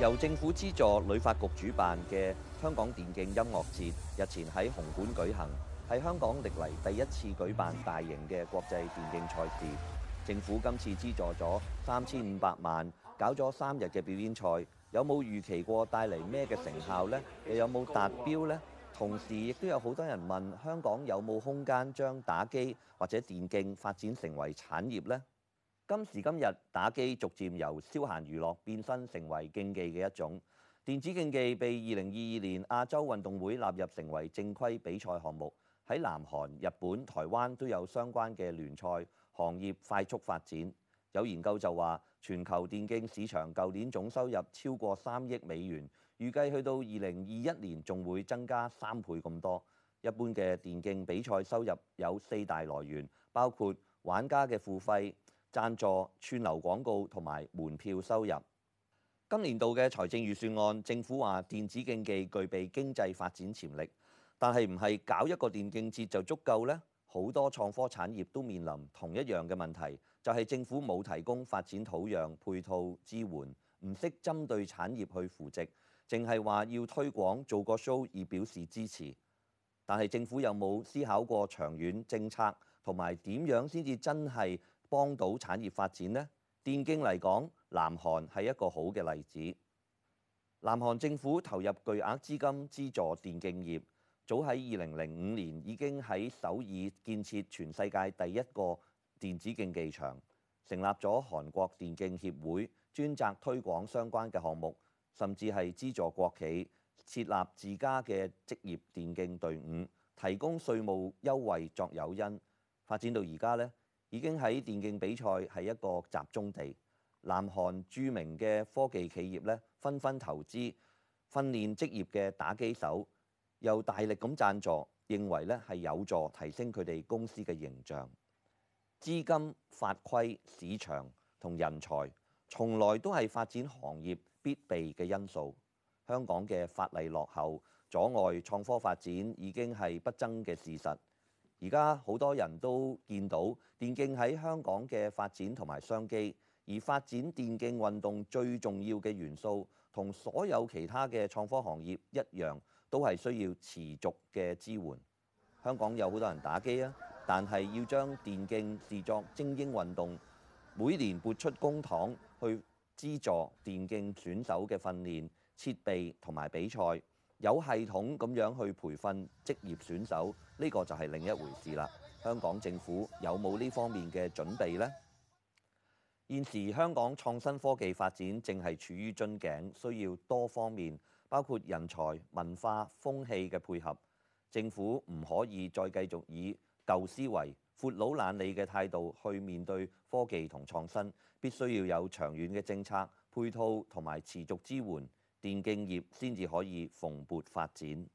由政府資助、旅發局主辦嘅香港電競音樂節，日前喺紅館舉行，係香港歷嚟第一次舉辦大型嘅國際電競賽事。政府今次資助咗三千五百萬，搞咗三日嘅表演賽，有冇預期過帶嚟咩嘅成效呢？又有冇達標呢？同時亦都有好多人問香港有冇空間將打機或者電競發展成為產業呢？」今時今日，打機逐漸由消閒娛樂變身成為競技嘅一種，電子競技被二零二二年亞洲運動會納入成為正規比賽項目。喺南韓、日本、台灣都有相關嘅聯賽，行業快速發展。有研究就話：全球電競市場舊年總收入超過三億美元，預計去到二零二一年仲會增加三倍咁多。一般嘅電競比賽收入有四大來源，包括玩家嘅付費、贊助、串流廣告同埋門票收入。今年度嘅財政預算案，政府話電子競技具備經濟發展潛力，但係唔係搞一個電競節就足夠呢？好多創科產業都面臨同一樣嘅問題。就係政府冇提供發展土壤配套支援，唔識針對產業去扶植，淨係話要推廣做個 show 以表示支持。但係政府有冇思考過長遠政策同埋點樣先至真係幫到產業發展呢？電競嚟講，南韓係一個好嘅例子。南韓政府投入巨額資金資助電競業，早喺二零零五年已經喺首爾建設全世界第一個電子競技場成立咗韓國電競協會，專責推廣相關嘅項目，甚至係資助國企設立自家嘅職業電競隊伍，提供稅務優惠作誘因。發展到而家呢，已經喺電競比賽係一個集中地。南韓著名嘅科技企業呢，紛紛投資訓練職業嘅打機手，又大力咁贊助，認為呢係有助提升佢哋公司嘅形象。資金、法規、市場同人才，從來都係發展行業必備嘅因素。香港嘅法例落後，阻礙創科發展已經係不爭嘅事實。而家好多人都見到電競喺香港嘅發展同埋商機，而發展電競運動最重要嘅元素，同所有其他嘅創科行業一樣，都係需要持續嘅支援。香港有好多人打機吖。但係要將電競視作精英運動，每年撥出公帑去資助電競選手嘅訓練設備同埋比賽，有系統咁樣去培訓職業選手，呢個就係另一回事啦。香港政府有冇呢方面嘅準備呢？現時香港創新科技發展正係處於樽頸，需要多方面包括人才、文化、風氣嘅配合。政府唔可以再繼續以舊思維、闊佬懶理嘅態度去面對科技同創新，必須要有長遠嘅政策配套同埋持續支援，電競業先至可以蓬勃發展。